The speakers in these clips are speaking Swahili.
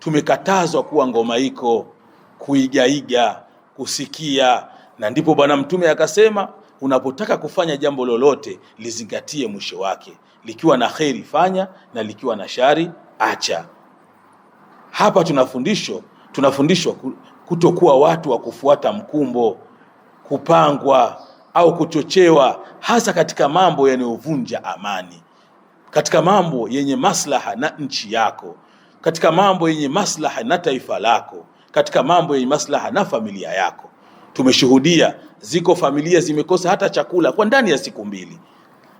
tumekatazwa kuwa ngoma iko kuigaiga kusikia, na ndipo Bwana Mtume akasema unapotaka kufanya jambo lolote lizingatie mwisho wake, likiwa na kheri fanya, na likiwa na shari acha. Hapa tunafundisho tunafundishwa kutokuwa watu wa kufuata mkumbo, kupangwa au kuchochewa, hasa katika mambo yanayovunja amani, katika mambo yenye maslaha na nchi yako katika mambo yenye maslaha na taifa lako, katika mambo yenye maslaha na familia yako. Tumeshuhudia ziko familia zimekosa hata chakula kwa ndani ya siku mbili,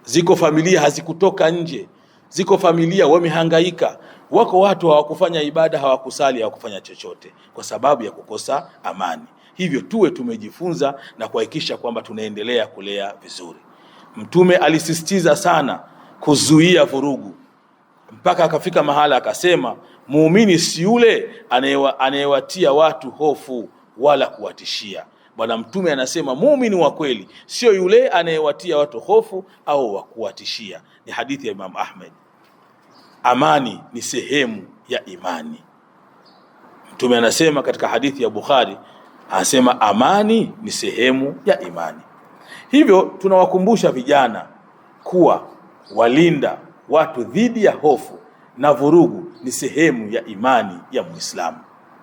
ziko familia hazikutoka nje, ziko familia wamehangaika, wako watu hawakufanya ibada, hawakusali, hawakufanya chochote kwa sababu ya kukosa amani. Hivyo tuwe tumejifunza na kuhakikisha kwamba tunaendelea kulea vizuri. Mtume alisisitiza sana kuzuia vurugu mpaka akafika mahala akasema, muumini si yule anayewatia watu hofu wala kuwatishia. Bwana Mtume anasema muumini wa kweli sio yule anayewatia watu hofu au wa kuwatishia. Ni hadithi ya Imam Ahmed. Amani ni sehemu ya imani. Mtume anasema katika hadithi ya Bukhari, anasema amani ni sehemu ya imani. Hivyo tunawakumbusha vijana kuwa walinda watu dhidi ya hofu na vurugu ni sehemu ya imani ya Muislamu.